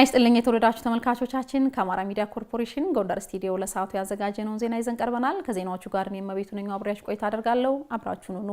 ጤና ይስጥልኝ የተወደዳችሁ ተመልካቾቻችን፣ ከአማራ ሚዲያ ኮርፖሬሽን ጎንደር ስቱዲዮ ለሰዓቱ ያዘጋጀነውን ዜና ይዘን ቀርበናል። ከዜናዎቹ ጋር እኔ መቤቱ ነኝ፣ አብሬያችሁ ቆይታ አደርጋለሁ። አብራችሁን ሁኑ።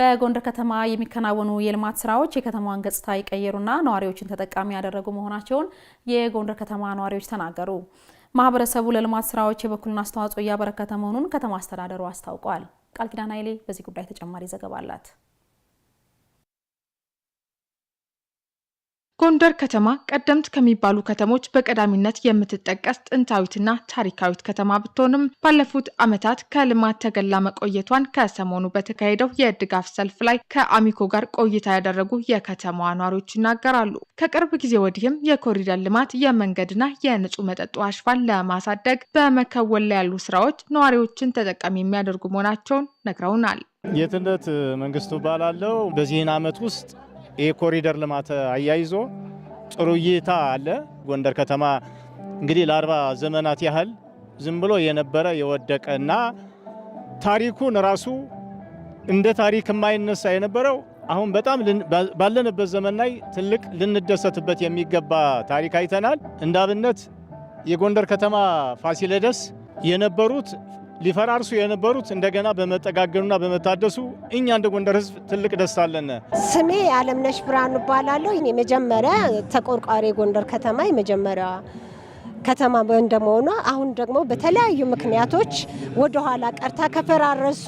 በጎንደር ከተማ የሚከናወኑ የልማት ስራዎች የከተማዋን ገጽታ የቀየሩና ነዋሪዎችን ተጠቃሚ ያደረጉ መሆናቸውን የጎንደር ከተማ ነዋሪዎች ተናገሩ። ማህበረሰቡ ለልማት ስራዎች የበኩሉን አስተዋጽኦ እያበረከተ መሆኑን ከተማ አስተዳደሩ አስታውቋል። ቃል ኪዳን ኃይሌ በዚህ ጉዳይ ተጨማሪ ዘገባ አላት። ጎንደር ከተማ ቀደምት ከሚባሉ ከተሞች በቀዳሚነት የምትጠቀስ ጥንታዊትና ታሪካዊት ከተማ ብትሆንም ባለፉት ዓመታት ከልማት ተገላ መቆየቷን ከሰሞኑ በተካሄደው የድጋፍ ሰልፍ ላይ ከአሚኮ ጋር ቆይታ ያደረጉ የከተማዋ ነዋሪዎች ይናገራሉ። ከቅርብ ጊዜ ወዲህም የኮሪደር ልማት የመንገድና የንጹህ መጠጥ ውሃ ሽፋን ለማሳደግ በመከወል ላይ ያሉ ስራዎች ነዋሪዎችን ተጠቃሚ የሚያደርጉ መሆናቸውን ነግረውናል። የትነት መንግስቱ ባላለው በዚህን ዓመት ውስጥ የኮሪደር ልማት አያይዞ ጥሩ እይታ አለ። ጎንደር ከተማ እንግዲህ ለአርባ ዘመናት ያህል ዝም ብሎ የነበረ የወደቀ እና ታሪኩን ራሱ እንደ ታሪክ የማይነሳ የነበረው አሁን በጣም ባለንበት ዘመን ላይ ትልቅ ልንደሰትበት የሚገባ ታሪክ አይተናል። እንደ አብነት የጎንደር ከተማ ፋሲለደስ የነበሩት ሊፈራርሱ የነበሩት እንደገና በመጠጋገኑና በመታደሱ እኛ እንደ ጎንደር ህዝብ ትልቅ ደስታ አለን። ስሜ አለምነሽ ብርሃኑ እባላለሁ። የመጀመሪያ ተቆርቋሪ ጎንደር ከተማ የመጀመሪያዋ ከተማ እንደመሆኗ አሁን ደግሞ በተለያዩ ምክንያቶች ወደኋላ ቀርታ ከፈራረሱ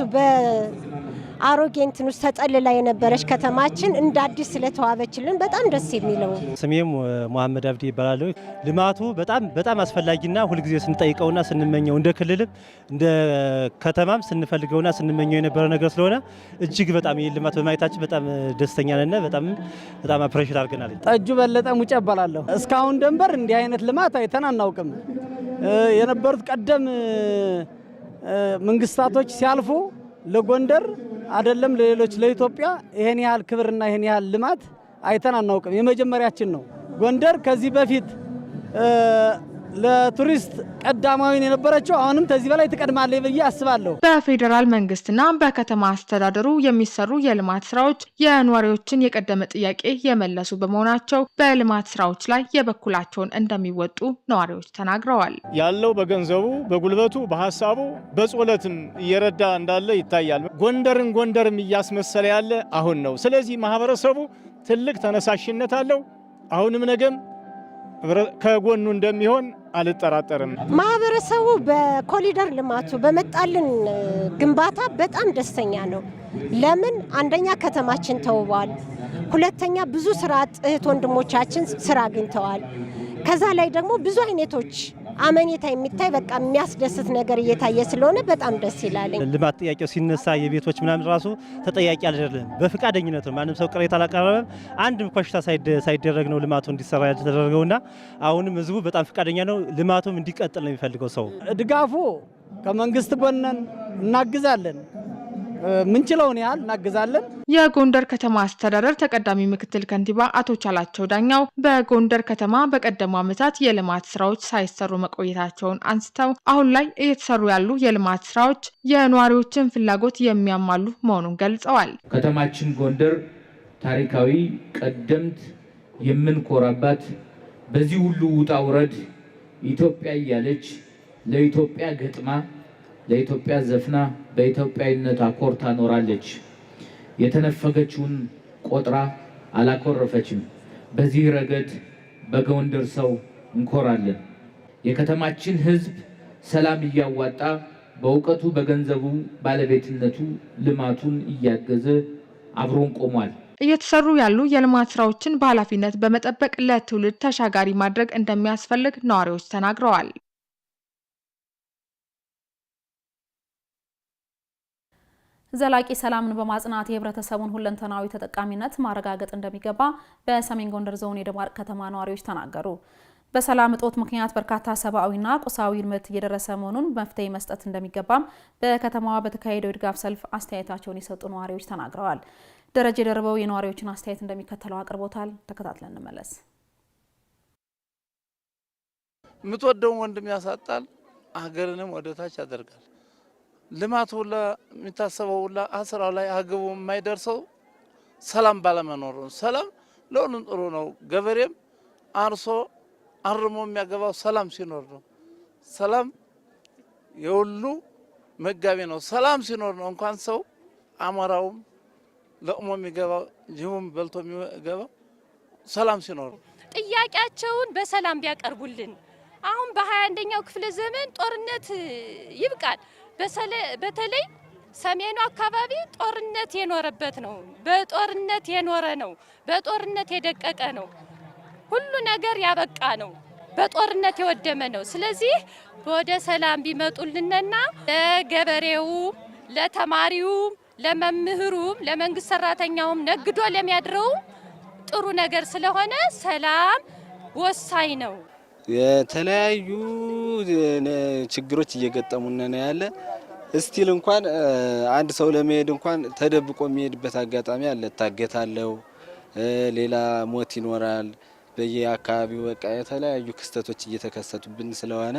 አሮጌን ትንሽ ተጠልላ የነበረች ከተማችን እንደ አዲስ ስለተዋበችልን በጣም ደስ የሚለው። ስሜም መሐመድ አብዲ ይባላል። ልማቱ በጣም በጣም አስፈላጊና ሁልጊዜ ስንጠይቀውና ስንመኘው እንደ ክልልም እንደ ከተማም ስንፈልገውና ስንመኘው የነበረ ነገር ስለሆነ እጅግ በጣም ይህ ልማት በማየታችን በጣም ደስተኛ ነን። በጣም በጣም አፕሬሽት አድርገናል። ጠጁ በለጠ ሙጫ እባላለሁ። እስካሁን ደንበር እንዲህ አይነት ልማት አይተን አናውቅም። የነበሩት ቀደም መንግስታቶች ሲያልፉ ለጎንደር አይደለም ለሌሎች ለኢትዮጵያ ይሄን ያህል ክብርና ይሄን ያህል ልማት አይተን አናውቅም። የመጀመሪያችን ነው። ጎንደር ከዚህ በፊት ለቱሪስት ቀዳማዊን የነበረችው አሁንም ከዚህ በላይ ትቀድማለች ብዬ አስባለሁ። በፌዴራል መንግስትና በከተማ አስተዳደሩ የሚሰሩ የልማት ስራዎች የነዋሪዎችን የቀደመ ጥያቄ የመለሱ በመሆናቸው በልማት ስራዎች ላይ የበኩላቸውን እንደሚወጡ ነዋሪዎች ተናግረዋል። ያለው በገንዘቡ፣ በጉልበቱ፣ በሀሳቡ፣ በጾለትም እየረዳ እንዳለ ይታያል። ጎንደርን ጎንደርም እያስመሰለ ያለ አሁን ነው። ስለዚህ ማህበረሰቡ ትልቅ ተነሳሽነት አለው። አሁንም ነገም ከጎኑ እንደሚሆን አልጠራጠርም። ማህበረሰቡ በኮሪደር ልማቱ በመጣልን ግንባታ በጣም ደስተኛ ነው። ለምን አንደኛ ከተማችን ተውቧል፣ ሁለተኛ ብዙ ስራ እህት ወንድሞቻችን ስራ አግኝተዋል። ከዛ ላይ ደግሞ ብዙ አይነቶች አመኔታ የሚታይ በቃ የሚያስደስት ነገር እየታየ ስለሆነ በጣም ደስ ይላል። ልማት ጥያቄው ሲነሳ የቤቶች ምናምን ራሱ ተጠያቂ አይደለም፣ በፈቃደኝነት ነው። ማንም ሰው ቅሬታ አላቀረበም። አንድም ኮሽታ ሳይደረግ ነው ልማቱ እንዲሰራ ያልተደረገውና አሁንም ህዝቡ በጣም ፈቃደኛ ነው። ልማቱም እንዲቀጥል ነው የሚፈልገው ሰው። ድጋፉ ከመንግስት ጎነን እናግዛለን ምንችለውን ያህል እናግዛለን። የጎንደር ከተማ አስተዳደር ተቀዳሚ ምክትል ከንቲባ አቶ ቻላቸው ዳኛው በጎንደር ከተማ በቀደሙ ዓመታት የልማት ስራዎች ሳይሰሩ መቆየታቸውን አንስተው አሁን ላይ እየተሰሩ ያሉ የልማት ስራዎች የነዋሪዎችን ፍላጎት የሚያሟሉ መሆኑን ገልጸዋል። ከተማችን ጎንደር ታሪካዊ ቀደምት የምንኮራባት በዚህ ሁሉ ውጣ ውረድ ኢትዮጵያ እያለች ለኢትዮጵያ ገጥማ ለኢትዮጵያ ዘፍና በኢትዮጵያዊነት አኮርታ ኖራለች። የተነፈገችውን ቆጥራ አላኮረፈችም። በዚህ ረገድ በጎንደር ሰው እንኮራለን። የከተማችን ሕዝብ ሰላም እያዋጣ በእውቀቱ፣ በገንዘቡ፣ ባለቤትነቱ ልማቱን እያገዘ አብሮን ቆሟል። እየተሰሩ ያሉ የልማት ስራዎችን በኃላፊነት በመጠበቅ ለትውልድ ተሻጋሪ ማድረግ እንደሚያስፈልግ ነዋሪዎች ተናግረዋል። ዘላቂ ሰላምን በማጽናት የህብረተሰቡን ሁለንተናዊ ተጠቃሚነት ማረጋገጥ እንደሚገባ በሰሜን ጎንደር ዞን የደባርቅ ከተማ ነዋሪዎች ተናገሩ። በሰላም እጦት ምክንያት በርካታ ሰብአዊና ቁሳዊ ምት እየደረሰ መሆኑን መፍትሄ መስጠት እንደሚገባም በከተማዋ በተካሄደው የድጋፍ ሰልፍ አስተያየታቸውን የሰጡ ነዋሪዎች ተናግረዋል። ደረጀ ደርበው የነዋሪዎችን አስተያየት እንደሚከተለው አቅርቦታል። ተከታትለን እንመለስ። የምትወደውን ወንድም ያሳጣል፣ አገርንም ወደታች ያደርጋል። ልማት ሁላ የሚታሰበው ሁላ አስራው ላይ አግቡ የማይደርሰው ሰላም ባለመኖር ነው። ሰላም ለሁሉም ጥሩ ነው። ገበሬም አርሶ አርሞ የሚያገባው ሰላም ሲኖር ነው። ሰላም የሁሉ መጋቢ ነው። ሰላም ሲኖር ነው እንኳን ሰው አሞራውም ለቅሞ የሚገባው ጅቡም በልቶ የሚገባው ሰላም ሲኖር ነው። ጥያቄያቸውን በሰላም ቢያቀርቡልን አሁን በሀያ አንደኛው ክፍለ ዘመን ጦርነት ይብቃል። በተለይ ሰሜኑ አካባቢ ጦርነት የኖረበት ነው። በጦርነት የኖረ ነው። በጦርነት የደቀቀ ነው። ሁሉ ነገር ያበቃ ነው። በጦርነት የወደመ ነው። ስለዚህ ወደ ሰላም ቢመጡልንና ለገበሬው፣ ለተማሪውም፣ ለመምህሩም፣ ለመንግስት ሰራተኛውም ነግዶ ለሚያድረውም ጥሩ ነገር ስለሆነ ሰላም ወሳኝ ነው። የተለያዩ ችግሮች እየገጠሙን ነው ያለ። እስቲል እንኳን አንድ ሰው ለመሄድ እንኳን ተደብቆ የሚሄድበት አጋጣሚ አለ። እታገታለሁ፣ ሌላ ሞት ይኖራል። በየአካባቢው በቃ የተለያዩ ክስተቶች እየተከሰቱብን ስለሆነ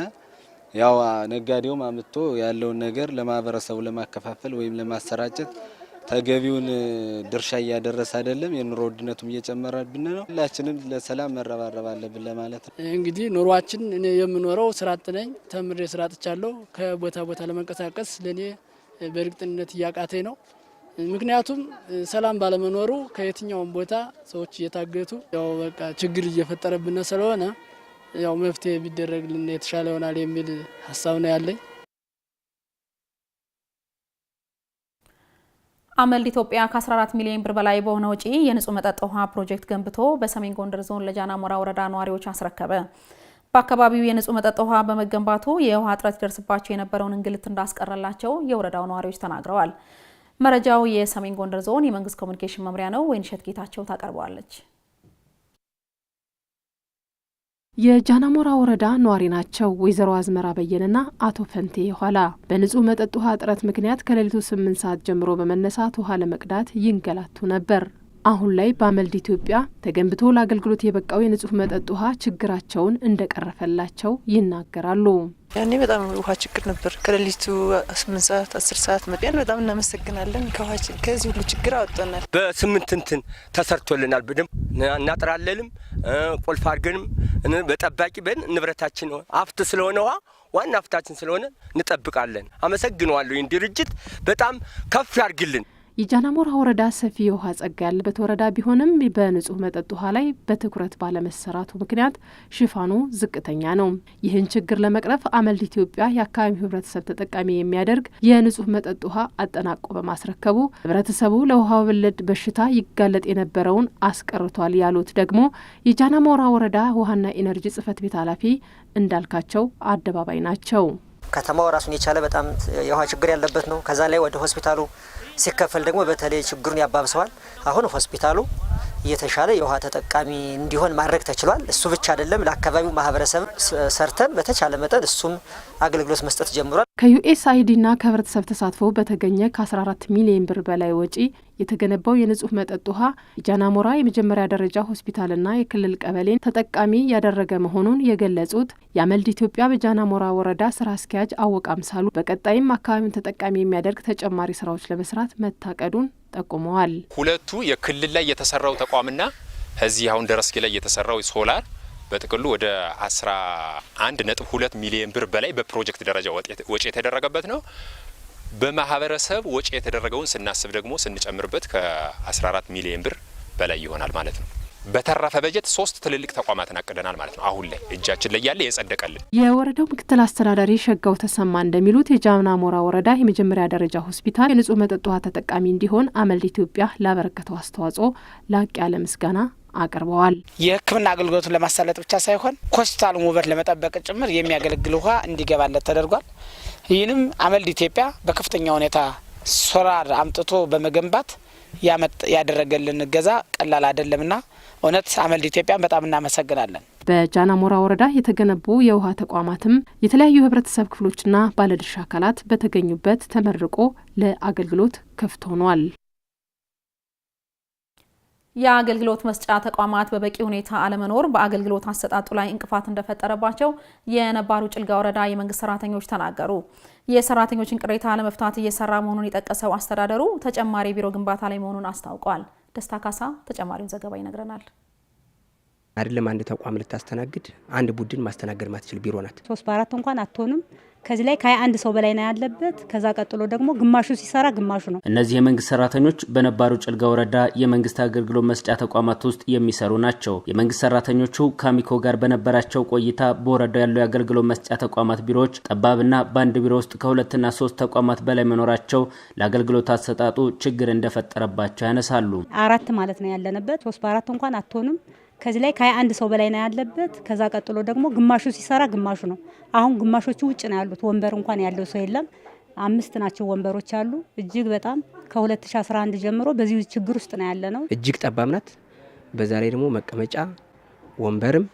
ያው ነጋዴውም አምጥቶ ያለውን ነገር ለማህበረሰቡ ለማከፋፈል ወይም ለማሰራጨት ተገቢውን ድርሻ እያደረሰ አይደለም። የኑሮ ውድነቱም እየጨመረብን ነው። ሁላችንም ለሰላም መረባረብ አለብን ለማለት ነው። እንግዲህ ኑሯችን እኔ የምኖረው ስራ አጥ ነኝ። ተምሬ ስራ አጥቻለሁ። ከቦታ ቦታ ለመንቀሳቀስ ለእኔ በእርግጥነት እያቃቴ ነው። ምክንያቱም ሰላም ባለመኖሩ ከየትኛውም ቦታ ሰዎች እየታገቱ ያው በቃ ችግር እየፈጠረብን ስለሆነ ያው መፍትሄ ቢደረግልን የተሻለ ይሆናል የሚል ሀሳብ ነው ያለኝ። አመልድ ኢትዮጵያ ከ14 ሚሊዮን ብር በላይ በሆነ ወጪ የንጹህ መጠጥ ውሃ ፕሮጀክት ገንብቶ በሰሜን ጎንደር ዞን ለጃና ሞራ ወረዳ ነዋሪዎች አስረከበ። በአካባቢው የንጹህ መጠጥ ውሃ በመገንባቱ የውሃ እጥረት ይደርስባቸው የነበረውን እንግልት እንዳስቀረላቸው የወረዳው ነዋሪዎች ተናግረዋል። መረጃው የሰሜን ጎንደር ዞን የመንግስት ኮሚኒኬሽን መምሪያ ነው። ወይንሸት ጌታቸው ታቀርበዋለች። የጃናሞራ ወረዳ ነዋሪ ናቸው ወይዘሮ አዝመራ በየንና አቶ ፈንቴ የኋላ በንጹህ መጠጥ ውሃ እጥረት ምክንያት ከሌሊቱ ስምንት ሰዓት ጀምሮ በመነሳት ውሃ ለመቅዳት ይንገላቱ ነበር። አሁን ላይ በአመልድ ኢትዮጵያ ተገንብቶ ለአገልግሎት የበቃው የንጹህ መጠጥ ውሃ ችግራቸውን እንደቀረፈላቸው ይናገራሉ። ያኔ በጣም ውሃ ችግር ነበር። ከሌሊቱ ስምንት ሰዓት አስር ሰዓት መጥያን በጣም እናመሰግናለን። ከዚህ ሁሉ ችግር አወጣናል። በስምንት እንትን ተሰርቶልናል። ብድም እናጥራለልም ቆልፍ አድርገንም በጠባቂ በን ንብረታችን አፍት ስለሆነ ውሃ ዋና ሀብታችን ስለሆነ እንጠብቃለን። አመሰግነዋለሁ። ይህን ድርጅት በጣም ከፍ ያርግልን። የጃናሞራ ወረዳ ሰፊ የውሃ ጸጋ ያለበት ወረዳ ቢሆንም በንጹህ መጠጥ ውሃ ላይ በትኩረት ባለመሰራቱ ምክንያት ሽፋኑ ዝቅተኛ ነው። ይህን ችግር ለመቅረፍ አመልድ ኢትዮጵያ የአካባቢው ህብረተሰብ ተጠቃሚ የሚያደርግ የንጹህ መጠጥ ውሃ አጠናቆ በማስረከቡ ህብረተሰቡ ለውሃ ወለድ በሽታ ይጋለጥ የነበረውን አስቀርቷል ያሉት ደግሞ የጃናሞራ ወረዳ ውሃና ኢነርጂ ጽሕፈት ቤት ኃላፊ እንዳልካቸው አደባባይ ናቸው። ከተማው ራሱን የቻለ በጣም የውሃ ችግር ያለበት ነው። ከዛ ላይ ወደ ሆስፒታሉ ሲከፈል ደግሞ በተለይ ችግሩን ያባብሰዋል። አሁን ሆስፒታሉ የተሻለ የውሃ ተጠቃሚ እንዲሆን ማድረግ ተችሏል። እሱ ብቻ አይደለም፣ ለአካባቢው ማህበረሰብ ሰርተን በተቻለ መጠን እሱም አገልግሎት መስጠት ጀምሯል። ከዩኤስአይዲና ከህብረተሰብ ተሳትፎ በተገኘ ከ14 ሚሊዮን ብር በላይ ወጪ የተገነባው የንጹህ መጠጥ ውሃ የጃናሞራ የመጀመሪያ ደረጃ ሆስፒታልና የክልል ቀበሌን ተጠቃሚ ያደረገ መሆኑን የገለጹት የአመልድ ኢትዮጵያ በጃናሞራ ወረዳ ስራ አስኪያጅ አወቃምሳሉ በቀጣይም አካባቢውን ተጠቃሚ የሚያደርግ ተጨማሪ ስራዎች ለመስራት መታቀዱን ጠቁመዋል። ሁለቱ የክልል ላይ የተሰራው ተቋምና እዚህ አሁን ደረስጌ ላይ የተሰራው ሶላር በጥቅሉ ወደ 11.2 ሚሊዮን ብር በላይ በፕሮጀክት ደረጃ ወጪ የተደረገበት ነው። በማህበረሰብ ወጪ የተደረገውን ስናስብ ደግሞ ስንጨምርበት ከ14 ሚሊዮን ብር በላይ ይሆናል ማለት ነው። በተረፈ በጀት ሶስት ትልልቅ ተቋማትን አቅደናል ማለት ነው። አሁን ላይ እጃችን ላይ ያለ የጸደቀልን። የወረዳው ምክትል አስተዳዳሪ ሸጋው ተሰማ እንደሚሉት የጃና ሞራ ወረዳ የመጀመሪያ ደረጃ ሆስፒታል የንጹህ መጠጥ ውሃ ተጠቃሚ እንዲሆን አመል ኢትዮጵያ ላበረከተው አስተዋጽኦ ላቅ ያለ ምስጋና አቅርበዋል። የሕክምና አገልግሎቱን ለማሳለጥ ብቻ ሳይሆን ሆስፒታሉን ውበት ለመጠበቅ ጭምር የሚያገለግል ውሃ እንዲገባለት ተደርጓል። ይህንም አመል ኢትዮጵያ በከፍተኛ ሁኔታ ሶራር አምጥቶ በመገንባት ያደረገልን እገዛ ቀላል አይደለምና እውነት አመልድ ኢትዮጵያን በጣም እናመሰግናለን። በጃናሞራ ወረዳ የተገነቡ የውሃ ተቋማትም የተለያዩ ህብረተሰብ ክፍሎችና ባለድርሻ አካላት በተገኙበት ተመርቆ ለአገልግሎት ክፍት ሆኗል። የአገልግሎት መስጫ ተቋማት በበቂ ሁኔታ አለመኖር በአገልግሎት አሰጣጡ ላይ እንቅፋት እንደፈጠረባቸው የነባሩ ጭልጋ ወረዳ የመንግስት ሰራተኞች ተናገሩ። የሰራተኞችን ቅሬታ ለመፍታት እየሰራ መሆኑን የጠቀሰው አስተዳደሩ ተጨማሪ ቢሮ ግንባታ ላይ መሆኑን አስታውቋል። ደስታ ካሳ ተጨማሪውን ዘገባ ይነግረናል። አይደለም አንድ ተቋም ልታስተናግድ አንድ ቡድን ማስተናገድ ማትችል ቢሮ ናት። ሶስት በአራት እንኳን አትሆንም። ከዚህ ላይ ከሀያ አንድ ሰው በላይ ነው ያለበት። ከዛ ቀጥሎ ደግሞ ግማሹ ሲሰራ ግማሹ ነው። እነዚህ የመንግስት ሰራተኞች በነባሩ ጭልጋ ወረዳ የመንግስት አገልግሎት መስጫ ተቋማት ውስጥ የሚሰሩ ናቸው። የመንግስት ሰራተኞቹ ከአሚኮ ጋር በነበራቸው ቆይታ በወረዳው ያለው የአገልግሎት መስጫ ተቋማት ቢሮዎች ጠባብና በአንድ ቢሮ ውስጥ ከሁለትና ሶስት ተቋማት በላይ መኖራቸው ለአገልግሎት አሰጣጡ ችግር እንደፈጠረባቸው ያነሳሉ። አራት ማለት ነው ያለንበት ሶስት በአራት እንኳን አትሆንም። ከዚህ ላይ ከሀያ አንድ ሰው በላይ ነው ያለበት። ከዛ ቀጥሎ ደግሞ ግማሹ ሲሰራ ግማሹ ነው። አሁን ግማሾቹ ውጭ ነው ያሉት። ወንበር እንኳን ያለው ሰው የለም። አምስት ናቸው ወንበሮች አሉ። እጅግ በጣም ከ2011 ጀምሮ በዚህ ችግር ውስጥ ነው ያለ ነው። እጅግ ጠባብ ናት። በዛ ላይ ደግሞ መቀመጫ ወንበርም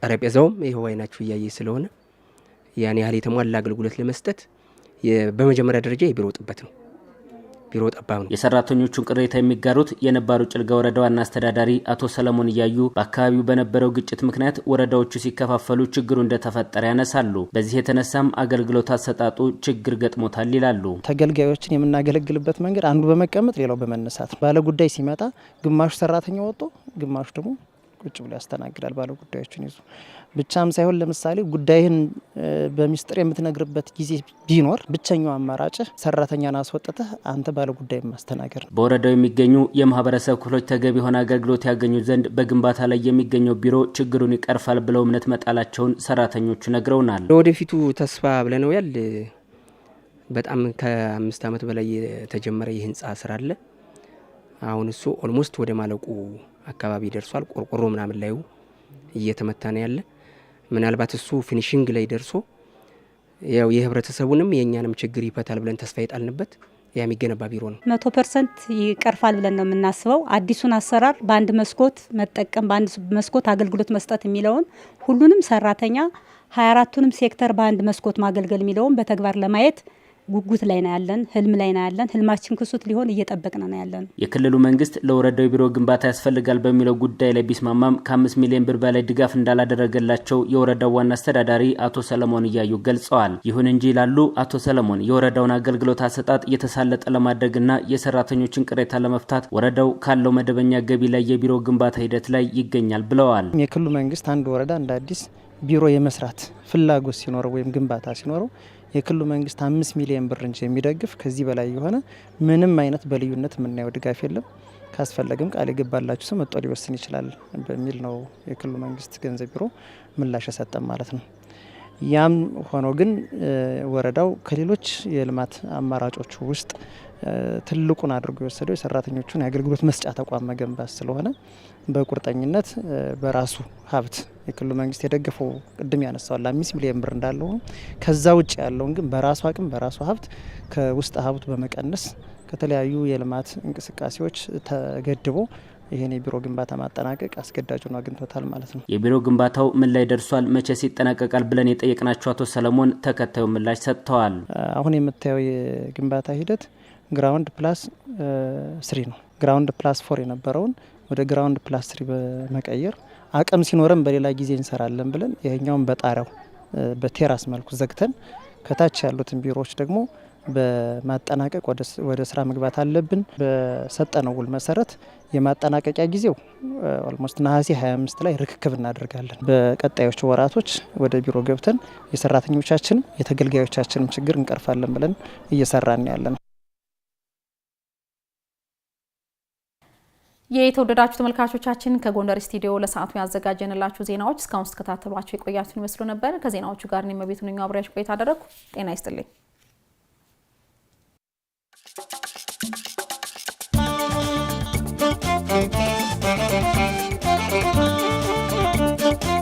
ጠረጴዛውም ይኸው አይናችሁ እያየ ስለሆነ ያን ያህል የተሟላ አገልግሎት ለመስጠት በመጀመሪያ ደረጃ የቢሮ ጥበት ነው። ቢሮ ጠባብ ነው። የሰራተኞቹን ቅሬታ የሚጋሩት የነባሩ ጭልጋ ወረዳ ዋና አስተዳዳሪ አቶ ሰለሞን እያዩ በአካባቢው በነበረው ግጭት ምክንያት ወረዳዎቹ ሲከፋፈሉ ችግሩ እንደተፈጠረ ያነሳሉ። በዚህ የተነሳም አገልግሎት አሰጣጡ ችግር ገጥሞታል ይላሉ። ተገልጋዮችን የምናገለግልበት መንገድ አንዱ በመቀመጥ ሌላው በመነሳት ባለጉዳይ ሲመጣ ግማሹ ሰራተኛ ወጥቶ ግማሹ ደግሞ ቁጭ ብሎ ያስተናግዳል ባለ ጉዳዮችን ይዞ ብቻም ሳይሆን ለምሳሌ ጉዳይህን በሚስጥር የምትነግርበት ጊዜ ቢኖር ብቸኛው አማራጭ ሰራተኛን አስወጥተህ አንተ ባለ ጉዳይ ማስተናገድ ነው። በወረዳው የሚገኙ የማህበረሰብ ክፍሎች ተገቢ የሆነ አገልግሎት ያገኙ ዘንድ በግንባታ ላይ የሚገኘው ቢሮ ችግሩን ይቀርፋል ብለው እምነት መጣላቸውን ሰራተኞቹ ነግረውናል። ለወደፊቱ ተስፋ ብለነው ያል በጣም ከአምስት ዓመት በላይ የተጀመረ የህንፃ ስራ አለ። አሁን እሱ ኦልሞስት ወደ ማለቁ አካባቢ ደርሷል። ቆርቆሮ ምናምን ላዩ እየተመታ ነው ያለ። ምናልባት እሱ ፊኒሽንግ ላይ ደርሶ ያው የህብረተሰቡንም የእኛንም ችግር ይፈታል ብለን ተስፋ የጣልንበት ያ የሚገነባ ቢሮ ነው። መቶ ፐርሰንት ይቀርፋል ብለን ነው የምናስበው። አዲሱን አሰራር በአንድ መስኮት መጠቀም፣ በአንድ መስኮት አገልግሎት መስጠት የሚለውን ሁሉንም ሰራተኛ ሀያ አራቱንም ሴክተር በአንድ መስኮት ማገልገል የሚለውን በተግባር ለማየት ጉጉት ላይ ነው ያለን፣ ህልም ላይ ነው ያለን። ህልማችን ክሱት ሊሆን እየጠበቅን ነው ያለን። የክልሉ መንግስት ለወረዳው ቢሮ ግንባታ ያስፈልጋል በሚለው ጉዳይ ላይ ቢስማማም ከአምስት ሚሊዮን ብር በላይ ድጋፍ እንዳላደረገላቸው የወረዳው ዋና አስተዳዳሪ አቶ ሰለሞን እያዩ ገልጸዋል። ይሁን እንጂ ይላሉ አቶ ሰለሞን የወረዳውን አገልግሎት አሰጣጥ የተሳለጠ ለማድረግና የሰራተኞችን ቅሬታ ለመፍታት ወረዳው ካለው መደበኛ ገቢ ላይ የቢሮ ግንባታ ሂደት ላይ ይገኛል ብለዋል። የክልሉ መንግስት አንድ ወረዳ እንደ አዲስ ቢሮ የመስራት ፍላጎት ሲኖረው ወይም ግንባታ ሲኖረው የክልሉ መንግስት አምስት ሚሊዮን ብር እንጂ የሚደግፍ ከዚህ በላይ የሆነ ምንም አይነት በልዩነት የምናየው ድጋፍ የለም። ካስፈለግም ቃል የገባላችሁ ሰው መጦ ሊወስን ይችላል በሚል ነው የክልሉ መንግስት ገንዘብ ቢሮ ምላሽ የሰጠን ማለት ነው። ያም ሆኖ ግን ወረዳው ከሌሎች የልማት አማራጮች ውስጥ ትልቁን አድርጎ የወሰደው የሰራተኞቹን የአገልግሎት መስጫ ተቋም መገንባት ስለሆነ በቁርጠኝነት በራሱ ሀብት የክልሉ መንግስት የደገፈው ቅድም ያነሳዋል አምስት ሚሊዮን ብር እንዳለው ከዛ ውጭ ያለውን ግን በራሱ አቅም በራሱ ሀብት ከውስጥ ሀብቱ በመቀነስ ከተለያዩ የልማት እንቅስቃሴዎች ተገድቦ ይህን የቢሮ ግንባታ ማጠናቀቅ አስገዳጁን አግኝቶታል ማለት ነው። የቢሮ ግንባታው ምን ላይ ደርሷል፣ መቼ ይጠናቀቃል ብለን የጠየቅናቸው አቶ ሰለሞን ተከታዩ ምላሽ ሰጥተዋል። አሁን የምታየው የግንባታ ሂደት ግራውንድ ፕላስ ስሪ ነው። ግራውንድ ፕላስ ፎር የነበረውን ወደ ግራውንድ ፕላስ ስሪ በመቀየር አቅም ሲኖረን በሌላ ጊዜ እንሰራለን ብለን ይሄኛውን በጣሪያው በቴራስ መልኩ ዘግተን ከታች ያሉትን ቢሮዎች ደግሞ በማጠናቀቅ ወደ ስራ መግባት አለብን። በሰጠነው ውል መሰረት የማጠናቀቂያ ጊዜው ኦልሞስት ነሐሴ 25 ላይ ርክክብ እናደርጋለን። በቀጣዮቹ ወራቶች ወደ ቢሮ ገብተን የሰራተኞቻችንም የተገልጋዮቻችንም ችግር እንቀርፋለን ብለን እየሰራን ያለ ነው። የተወደዳችሁ ተመልካቾቻችን ከጎንደር ስቱዲዮ ለሰዓቱ ያዘጋጀንላችሁ ዜናዎች እስካሁን ስትከታተሏቸው የቆያችሁን ይመስሉ ነበር። ከዜናዎቹ ጋር እኔ መቤቱ ነኝ አብሬያችሁ ቆይታ አደረግኩ። ጤና ይስጥልኝ።